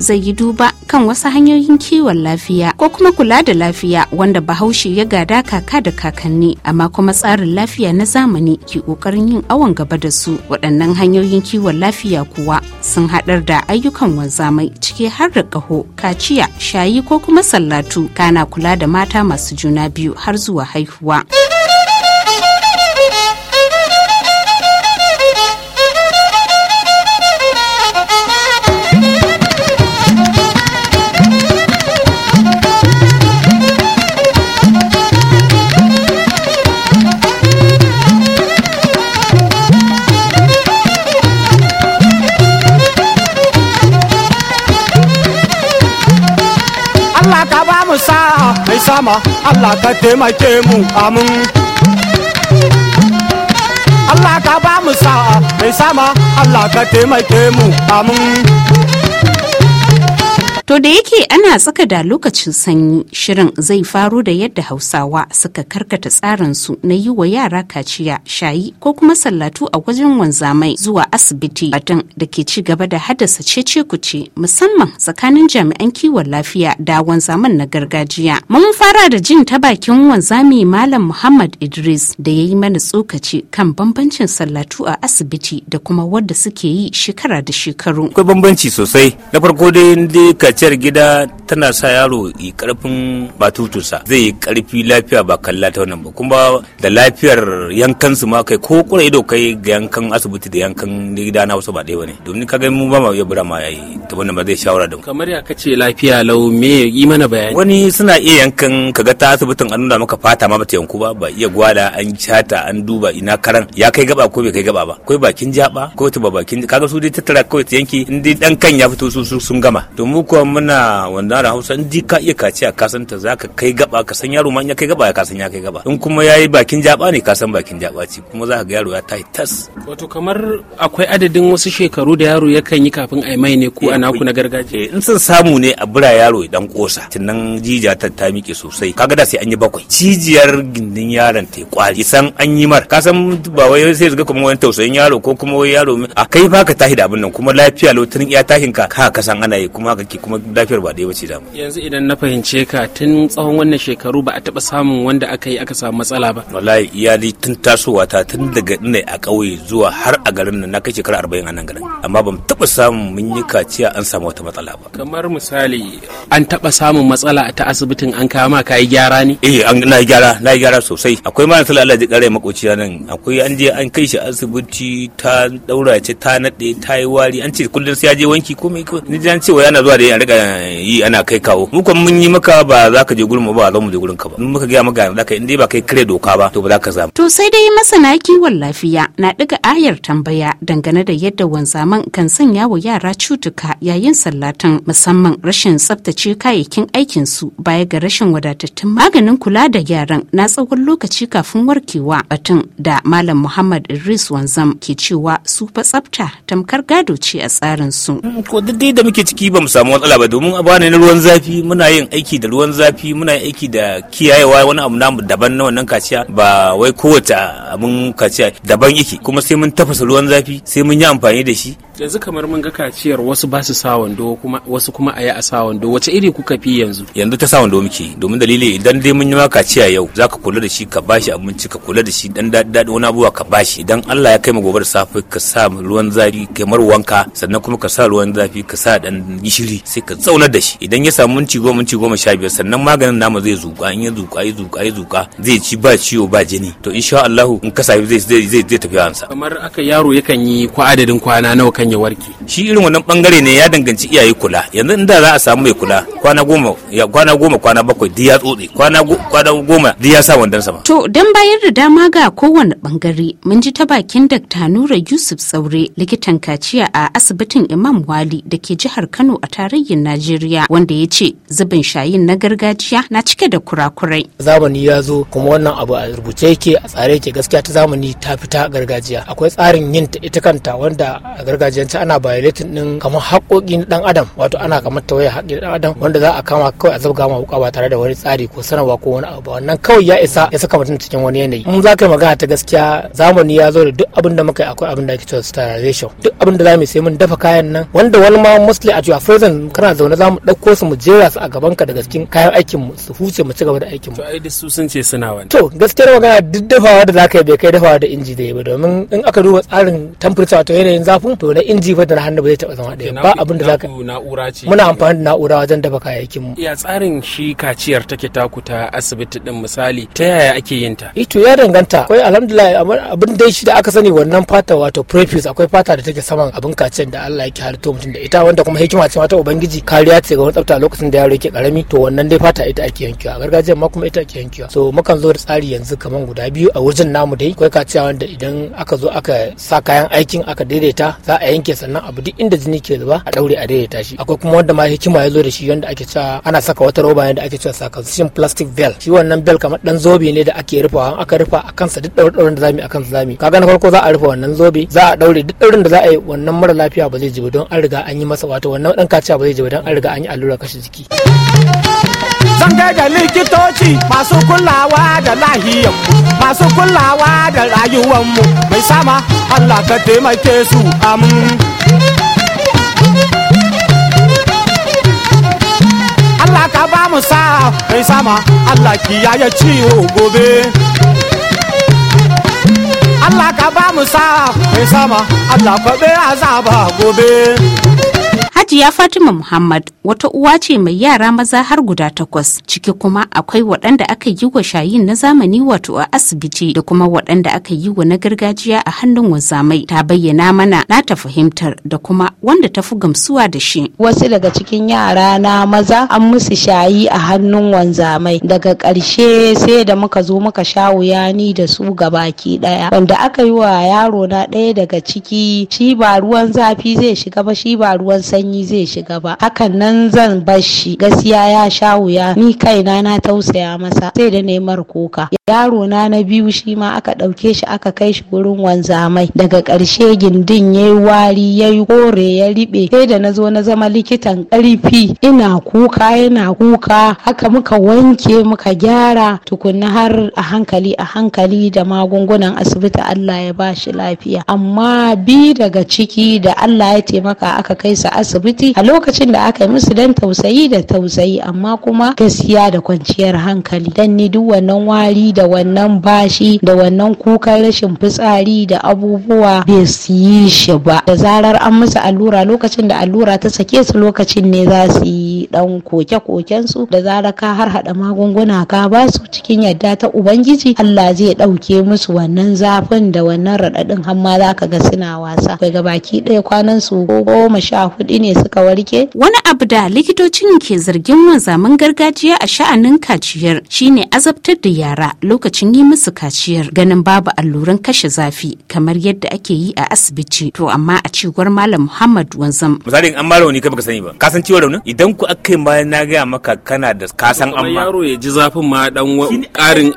zai yi duba kan wasu hanyoyin kiwon lafiya ko kuma kula da lafiya wanda bahaushe ya gada kaka da kakanni amma kuma tsarin lafiya na zamani ke kokarin yin awon gaba da su waɗannan hanyoyin kiwon lafiya kuwa sun haɗar da ayyukan wanzamai ciki har da ƙaho kaciya shayi ko kuma sallatu kana kula da mata masu juna biyu har zuwa haihuwa. rahama Allah ka taimake mu amin Allah ka ba mu sa'a mai sama Allah ka taimake mu amin To da yake ana tsaka da lokacin sanyi shirin zai faro da yadda Hausawa suka karkata tsarinsu na yi wa yara kaciya shayi ko kuma sallatu a wajen wanzamai zuwa asibiti batun da ke ci gaba da haddasa cece kuce musamman tsakanin jami'an kiwon lafiya da wanzaman na gargajiya. Mun fara da jin ta bakin wanzami Malam Muhammad Idris da ya yi mana tsokaci kan bambancin sallatu a asibiti da kuma wadda suke yi shekara da shekaru. Akwai bambanci sosai. Na farko dai kwanciyar gida tana sa yaro yi karfin batutusa zai yi karfi lafiya ba kalla ta wannan ba kuma da lafiyar yankan su ma kai ko kura ido kai ga yankan asibiti da yankan gida na wasu ba ɗaya bane domin kaga mu ba ma iya bura ma yayi ta wannan ba zai shawara da mu kamar ya kace lafiya lau me yi mana bayani wani suna iya yankan kaga ta asibitin an nuna maka fata ma bata yanku ba ba iya gwada an cata an duba ina karan ya kai gaba ko bai kai gaba ba ko bakin jaba ko ta ba bakin kaga su dai tattara ko ta yanki in dai dan kan ya fito su sun gama to mu kuwa muna wanda da hausa in ka iya kaci a san ta zaka kai gaba ka san yaro ma in ya kai gaba ya kasan ya kai gaba in kuma yayi bakin jaba ne ka san bakin jaba ce kuma za ka ga yaro ya tayi tas wato kamar akwai adadin wasu shekaru da yaro kan yi kafin a mai ne ko ana ku na gargajiya eh, in sun samu ne a bura yaro dan kosa tunan jija ta ta miƙe sosai kaga da sai an yi bakwai cijiyar gindin yaron ta kwari san an yi mar ka san ba wai sai ga kuma wani tausayin yaro ko kuma wai yaro a kai ba ka tahi da abin nan kuma lafiya lotin iya tahin ka ka san ana yi kuma kake kuma lafiyar ba ba ce da yanzu idan na fahimce ka tun tsawon wannan shekaru ba a taba samun wanda aka yi aka samu matsala ba wallahi iyali tun tasowa ta tun daga ina a ƙauye zuwa har a garin nan na kai shekara arba'in a nan garin amma ban taba samun mun yi kaciya an samu wata matsala ba kamar misali an taba samun matsala ta asibitin an kama ka yi gyara ne eh an na yi gyara na yi gyara sosai akwai ma sallallahu ya kare makociya nan akwai an je an kai shi asibiti ta daura ce ta nade ta yi wari an ce kullum sai ya je wanki komai ko ni dan cewa yana zuwa da yana rika yi ana kai kawo mu kuma mun yi maka ba za ka je gurin mu ba za mu je gurin ka ba mun muka gaya maka za ka in ba kai kare doka ba to ba za ka zama. to sai dai masana kiwon lafiya na daga ayar tambaya dangane da yadda wanzaman kan sanya wa yara cutuka yayin sallatan musamman rashin tsaftace kayayyakin aikin su baya ga rashin wadatattun maganin kula da yaran na tsawon lokaci kafin warkewa batun da malam muhammad idris wanzam ke cewa su fa tsafta tamkar gado ce a tsarin su ko duk da muke ciki ba mu samu matsala ba domin a na ruwan zafi muna yin aiki da ruwan zafi muna yin aiki da kiyayewa wani abu namu daban na wannan kaciya ba wai kowace abin kaciya daban yake kuma sai mun tafasa ruwan zafi sai mun yi amfani da shi yanzu kamar mun ga kaciyar wasu ba su sa wando kuma wasu kuma a yi a sa wando wace iri kuka fi yanzu yanzu ta sa wando muke domin dalili idan dai mun yi ma kaciya yau ka kula da shi ka bashi abinci ka kula da shi dan daɗi wani abuwa ka bashi idan Allah ya kai mu gobe da safe ka sa ruwan zafi kai mar wanka sannan kuma ka sa ruwan zafi ka sa dan gishiri sai ka zaunar da shi idan ya samu minti goma minti goma sha biyar sannan maganin namu zai zuƙa in ya zuƙa ya zuƙa ya zuƙa zai ci ba ciwo ba jini to insha Allah in ka sa zai zai zai tafi kamar aka yaro yakan yi kwa adadin kwana nawa kan ya warke shi irin wannan bangare ne ya danganci iyaye kula yanzu inda za a samu mai kula kwana goma kwana goma kwana bakwai diya ya tsotse kwana goma diya sa wandan sama to dan bayar da dama ga kowane bangare mun ji ta bakin Dr. Nura Yusuf Saure likitan kaciya a asibitin Imam Wali da ke jihar Kano a tarayyar Najeriya wanda ya ce zubin shayin na gargajiya na cike da kurakurai zamani ya zo kuma wannan abu a rubuce yake a tsare yake gaskiya ta zamani ta fita gargajiya akwai tsarin yin ita kanta wanda a gargajiya gargajiyance ana violating din kamar haƙoƙin dan adam wato ana kamar tawaye haƙƙin dan adam wanda za a kama kawai a zabga ma wuka ba tare da wani tsari ko sanarwa ko wani abu wannan kawai ya isa ya saka mutum cikin wani yanayi mun za ka magana ta gaskiya zamani ya zo da duk abin da muka yi akwai abin da ake cewa sterilization duk abin da za mu sai mun dafa kayan nan wanda wani ma mostly a frozen kana zaune za mu ɗauko su mu jera su a gaban ka daga cikin kayan aikin mu su huce mu ci gaba da aikin mu to ai da su sun ce suna wani to da magana duk dafawa da za ka yi bai kai dafawa da inji da ba domin in aka duba tsarin temperature wato yanayin zafin to da inji ba da hannu ba zai taba zama ɗaya ba abin da zaka na'ura ce muna amfani da na'ura wajen dafa kayayyakin mu ya tsarin shi kaciyar take taku ta asibiti din misali ta yaya ake yin ta ito eh ya danganta akwai alhamdulillah abin da shi da aka sani wannan fata wato prefuse akwai fata da take saman abin kaciyar da Allah yake halitto mutum da ita wanda kuma hikima ce mata ubangiji kariya ce ga tsafta lokacin da yaro yake karami to wannan dai fata ita ake yankewa gargajiyar ma kuma ita ake yankewa so mukan zo da tsari yanzu kaman guda biyu a wajen namu dai akwai kaciya wanda idan aka zo aka sa kayan aikin aka daidaita za a yanke sannan abu duk inda jini ke zuba a daure a daidaita shi akwai kuma wanda ma hikima ya zo da shi wanda ake cewa ana saka wata roba yadda ake cewa circumcision plastic bell shi wannan bell kamar dan zobe ne da ake rufawa aka rufa a kansa duk daure daure da zamu a kansa zamu kaga na farko za a rufa wannan zobe za a daure duk daure da za a yi wannan mara lafiya ba zai ji ba don an riga an yi masa wato wannan dan kaciya ba zai ji ba don an riga an yi allura kashe jiki zan gaida likitoci masu kulawa da lahiyar masu kulawa da rayuwanmu mai sama Allah ka taimake su am Allah ka ba mu sa mai sama Allah ya ciwo gobe Allah ka ba mu sa mai sama Allah kwabe azaba gobe Hajiya Fatima Muhammad wata uwa ce mai yara maza har guda takwas ciki kuma akwai waɗanda aka yi wa shayin na zamani wato a asibiti da kuma waɗanda aka yi wa na gargajiya a hannun wanzamai ta bayyana mana na ta fahimtar da kuma wanda ta fi gamsuwa da shi. Wasu daga cikin yara na maza an musu shayi a hannun wanzamai daga ƙarshe sai da muka zo muka sha wuya ni da su gabaki ɗaya wanda aka yi wa yaro na ɗaya daga ciki shi ba ruwan zafi zai shiga ba shi ba ruwan sanyi zai shiga ba hakan nan zan bar shi gaskiya ya sha wuya ni kaina na tausaya masa sai da nemar kuka yaro na na biyu shi ma aka ɗauke shi aka kai shi wurin wanzamai daga ƙarshe gindin ya yi wari ya yi kore ya riɓe sai da na zo na zama likitan ƙarfi ina kuka yana kuka haka muka wanke muka gyara tukunna har a hankali a hankali da magungunan asibiti Allah ya ba shi lafiya amma bi daga ciki da Allah ya taimaka aka kai sa asibiti asibiti a lokacin da aka yi musu dan tausayi da tausayi amma kuma gaskiya da kwanciyar hankali dan ni duk wannan wari da wannan bashi da wannan kukan rashin fitsari da abubuwa bai su yi shi ba da zarar an musu allura lokacin da allura ta sake su lokacin ne za su yi dan koke-koken su da zarar ka har hada magunguna ka ba su cikin yadda ta ubangiji Allah zai dauke musu wannan zafin da wannan radadin har ma za ka ga suna wasa ga baki ɗaya kwanan su goma sha hudu ne suka warke. Wani abu da likitocin ke zargin wanzaman gargajiya a sha'anin kaciyar shine azabtar da yara lokacin yi musu kaciyar ganin babu alluran kashe zafi kamar yadda ake yi a asibiti to amma a cewar malam Muhammad Wanzam. Misalin an mara wani kai baka sani ba. Ka san ciwon raunin? Idan ku aka bayan na gaya maka kana da ka san an ma. Yaro ya ji zafin ma dan karin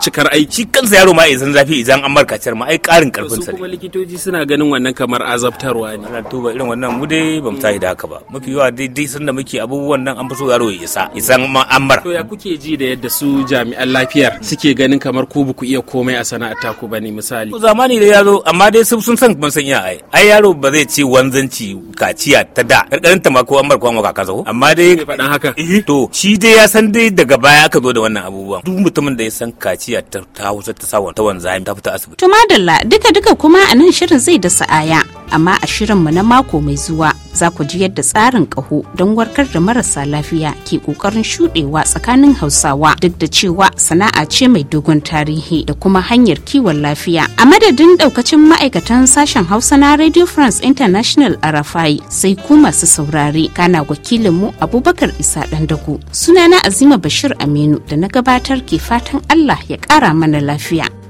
cikar aiki. kansa yaro ma ya san zafi idan an marka kaciyar ma ai karin karfin sa. Su kuma likitoci suna ganin wannan kamar azabtarwa ne. Ana tuba irin wannan mu dai bamu yi da haka ba mafi yawa daidai da muke abubuwan nan an fi so yaro ya isa isan ma ambar to ya kuke ji da yadda su jami'an lafiyar suke ganin kamar ku buku iya komai a sana'ar taku bane misali to zamani da yazo amma dai sun san ban san iya ai ai yaro ba zai ce wanzanci kaciya ta da karkarin ta ma ko ambar ko kaka zo amma dai faɗan haka eh, to shi dai ya san dai daga baya aka zo da wannan abubuwan duk mutumin da ya san kaciya ta hausa ta sawa ta wanzami ta fita asibiti to madalla duka duka kuma a nan shirin zai da sa'aya amma a shirinmu na mako mai zuwa za ku ji yadda tsarin ƙaho don warkar da marasa lafiya ke ƙoƙarin shuɗewa tsakanin hausawa duk da cewa sana'a ce mai dogon tarihi da kuma hanyar kiwon lafiya a madadin ɗaukacin ma'aikatan sashen hausa na radio france international a rafai sai ku masu saurare kana wakilin mu abubakar isa ɗandago sunana azima bashir aminu da na gabatar ke fatan allah ya ƙara mana lafiya